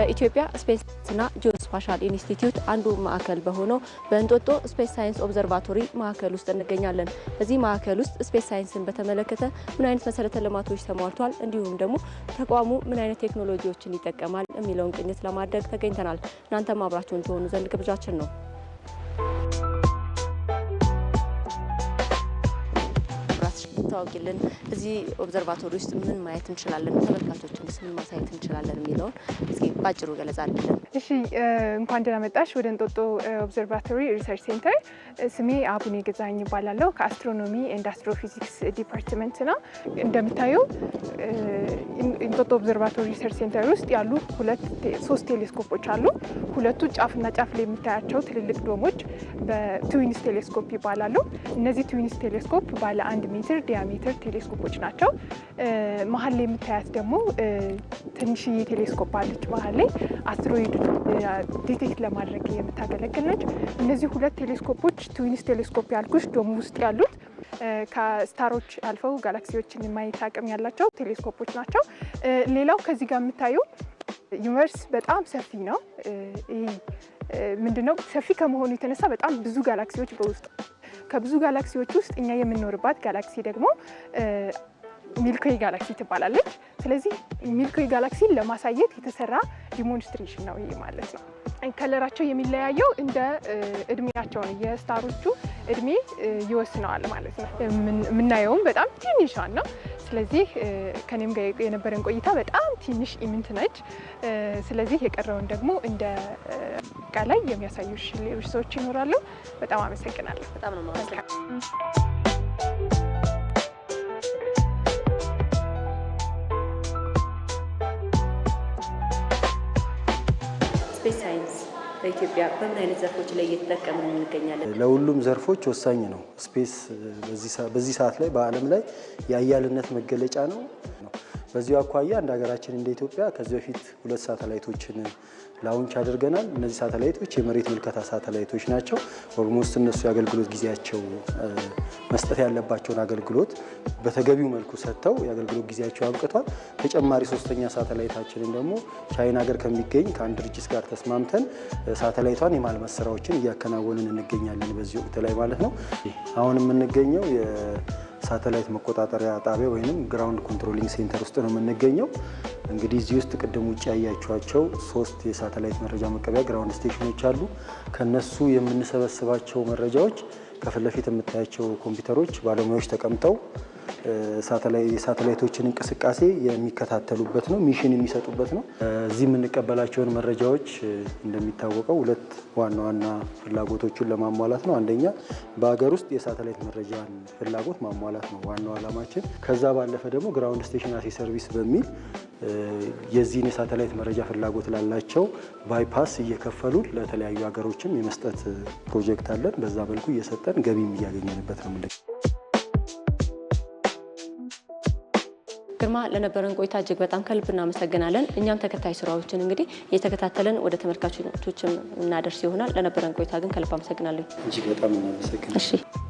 በኢትዮጵያ ስፔስ ጂኦስፓሻል ኢንስቲትዩት አንዱ ማዕከል በሆነው በእንጦጦ ስፔስ ሳይንስ ኦብዘርቫቶሪ ማዕከል ውስጥ እንገኛለን። በዚህ ማዕከል ውስጥ ስፔስ ሳይንስን በተመለከተ ምን አይነት መሰረተ ልማቶች ተሟልቷል፣ እንዲሁም ደግሞ ተቋሙ ምን አይነት ቴክኖሎጂዎችን ይጠቀማል የሚለውን ቅኝት ለማድረግ ተገኝተናል። እናንተም አብራችሁን ትሆኑ ዘንድ ግብዣችን ነው። አስተዋውቂልን፣ እዚህ ኦብዘርቫቶሪ ውስጥ ምን ማየት እንችላለን፣ ተመልካቾችን ምን ማሳየት እንችላለን የሚለውን እስኪ ባጭሩ ገለጻ አድርገን። እሺ፣ እንኳን ደህና መጣሽ ወደ እንጦጦ ኦብዘርቫቶሪ ሪሰርች ሴንተር። ስሜ አቡኔ ገዛኸኝ ይባላለሁ። ከአስትሮኖሚ ኤንድ አስትሮፊዚክስ ዲፓርትመንት ነው። እንደምታየው እንጦጦ ኦብዘርቫቶሪ ሪሰርች ሴንተር ውስጥ ያሉ ሶስት ቴሌስኮፖች አሉ። ሁለቱ ጫፍና ጫፍ ላይ የምታያቸው ትልልቅ ዶሞች በትዊንስ ቴሌስኮፕ ይባላሉ። እነዚህ ትዊንስ ቴሌስኮፕ ባለ አንድ ሜትር ሜትር ቴሌስኮፖች ናቸው። መሀል ላይ የምታያት ደግሞ ትንሽዬ ቴሌስኮፕ አለች። መሀል ላይ አስትሮይድ ዲቴክት ለማድረግ የምታገለግል ነች። እነዚህ ሁለት ቴሌስኮፖች ትዊንስ ቴሌስኮፕ ያልኩሽ ዶሙ ውስጥ ያሉት ከስታሮች አልፈው ጋላክሲዎችን የማየት አቅም ያላቸው ቴሌስኮፖች ናቸው። ሌላው ከዚህ ጋር የምታየው ዩኒቨርስ በጣም ሰፊ ነው። ይህ ምንድነው ሰፊ ከመሆኑ የተነሳ በጣም ብዙ ጋላክሲዎች በውስጡ ከብዙ ጋላክሲዎች ውስጥ እኛ የምንኖርባት ጋላክሲ ደግሞ ሚልኮይ ጋላክሲ ትባላለች። ስለዚህ ሚልኮይ ጋላክሲን ለማሳየት የተሰራ ዲሞንስትሬሽን ነው ይህ ማለት ነው። ከለራቸው የሚለያየው እንደ እድሜያቸው ነው። የስታሮቹ እድሜ ይወስነዋል ማለት ነው። የምናየውም በጣም ትንሿን ነው። ስለዚህ ከኔም ጋር የነበረን ቆይታ በጣም ትንሽ ኢምንት ነች። ስለዚህ የቀረውን ደግሞ እንደ እቃ ላይ የሚያሳዩ ሌሎች ሰዎች ይኖራሉ። በጣም አመሰግናለሁ። በጣም ነው ስፔስ ሳይንስ በኢትዮጵያ በምን አይነት ዘርፎች ላይ እየተጠቀምን እንገኛለን? ለሁሉም ዘርፎች ወሳኝ ነው። ስፔስ በዚህ ሰዓት ላይ በዓለም ላይ የአያልነት መገለጫ ነው። በዚሁ አኳያ እንደ ሀገራችን እንደ ኢትዮጵያ ከዚህ በፊት ሁለት ሳተላይቶችን ላውንች አድርገናል። እነዚህ ሳተላይቶች የመሬት ምልከታ ሳተላይቶች ናቸው። ኦልሞስት እነሱ የአገልግሎት ጊዜያቸው መስጠት ያለባቸውን አገልግሎት በተገቢው መልኩ ሰጥተው የአገልግሎት ጊዜያቸው አብቅቷል። ተጨማሪ ሶስተኛ ሳተላይታችንን ደግሞ ቻይና ሀገር ከሚገኝ ከአንድ ድርጅት ጋር ተስማምተን ሳተላይቷን የማልመት ስራዎችን እያከናወንን እንገኛለን። በዚህ ወቅት ላይ ማለት ነው አሁን የምንገኘው ሳተላይት መቆጣጠሪያ ጣቢያ ወይም ግራውንድ ኮንትሮሊንግ ሴንተር ውስጥ ነው የምንገኘው። እንግዲህ እዚህ ውስጥ ቅድም ውጭ ያያችኋቸው ሶስት የሳተላይት መረጃ መቀበያ ግራውንድ ስቴሽኖች አሉ። ከነሱ የምንሰበስባቸው መረጃዎች ከፊት ለፊት የምታያቸው ኮምፒውተሮች ባለሙያዎች ተቀምጠው ሳተላይቶችን እንቅስቃሴ የሚከታተሉበት ነው፣ ሚሽን የሚሰጡበት ነው። እዚህ የምንቀበላቸውን መረጃዎች እንደሚታወቀው ሁለት ዋና ዋና ፍላጎቶችን ለማሟላት ነው። አንደኛ በሀገር ውስጥ የሳተላይት መረጃን ፍላጎት ማሟላት ነው ዋናው ዓላማችን። ከዛ ባለፈ ደግሞ ግራውንድ ስቴሽን አሴ ሰርቪስ በሚል የዚህን የሳተላይት መረጃ ፍላጎት ላላቸው ባይፓስ እየከፈሉ ለተለያዩ ሀገሮችም የመስጠት ፕሮጀክት አለን። በዛ መልኩ እየሰጠ ሸጠን ገቢም እያገኘንበት ነው። ግርማ ለነበረን ቆይታ እጅግ በጣም ከልብ እናመሰግናለን። እኛም ተከታይ ስራዎችን እንግዲህ እየተከታተልን ወደ ተመልካቾችም እናደርስ ይሆናል። ለነበረን ቆይታ ግን ከልብ አመሰግናለሁ። እጅግ በጣም እናመሰግናለን።